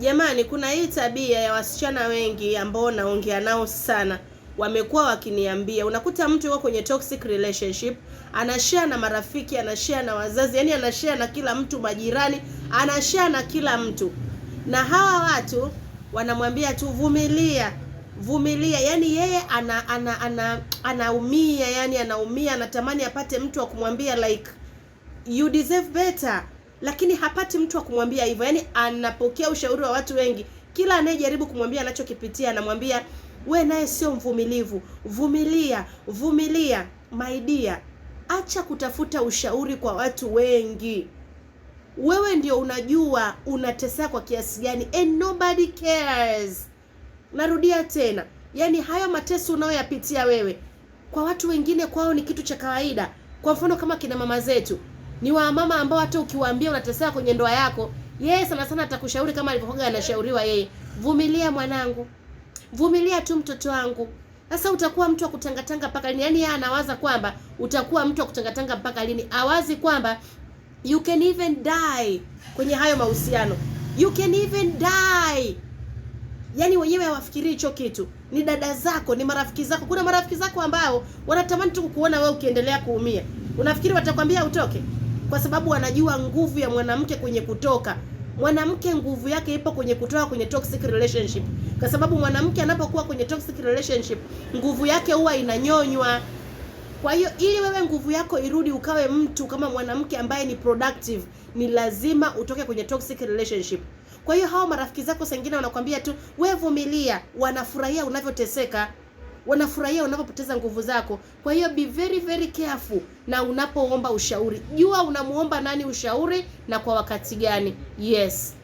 Jamani, kuna hii tabia ya wasichana wengi ambao naongea nao sana, wamekuwa wakiniambia, unakuta mtu yuko kwenye toxic relationship, anashare na marafiki, anashare na wazazi, yani anashare na kila mtu, majirani, anashare na kila mtu, na hawa watu wanamwambia tu vumilia, vumilia. Yani yeye ana ana ana anaumia, yani anaumia, anatamani apate mtu wa kumwambia like you deserve better lakini hapati mtu wa kumwambia hivyo. Yani anapokea ushauri wa watu wengi, kila anayejaribu kumwambia anachokipitia anamwambia we naye sio mvumilivu, vumilia, vumilia. My dear, acha kutafuta ushauri kwa watu wengi. Wewe ndio unajua unatesea kwa kiasi gani, and nobody cares. Narudia tena, yani hayo mateso unayoyapitia wewe, kwa watu wengine kwao ni kitu cha kawaida. Kwa mfano kama kina mama zetu ni wamama ambao hata ukiwaambia unateseka kwenye ndoa yako, yeye sana sana atakushauri kama alivyokuwa anashauriwa yeye, vumilia mwanangu, vumilia tu mtoto wangu. Sasa utakuwa mtu wa kutangatanga mpaka lini? Yani yeye anawaza kwamba utakuwa mtu wa kutangatanga mpaka lini, awazi kwamba you can even die kwenye hayo mahusiano, you can even die. Yani wenyewe hawafikiri hicho kitu. Ni dada zako, ni marafiki zako. Kuna marafiki zako ambao wanatamani tu kukuona wewe ukiendelea kuumia, unafikiri watakwambia utoke? kwa sababu anajua nguvu ya mwanamke kwenye kutoka. Mwanamke nguvu yake ipo kwenye kutoka kwenye toxic relationship, kwa sababu mwanamke anapokuwa kwenye toxic relationship nguvu yake huwa inanyonywa. Kwa hiyo ili wewe nguvu yako irudi ukawe mtu kama mwanamke ambaye ni productive, ni lazima utoke kwenye toxic relationship. Kwa hiyo hao marafiki zako sengine wanakwambia tu wewe vumilia, wanafurahia unavyoteseka wanafurahia unapopoteza nguvu zako. Kwa hiyo be very very careful na unapoomba ushauri, jua unamuomba nani ushauri na kwa wakati gani. Yes.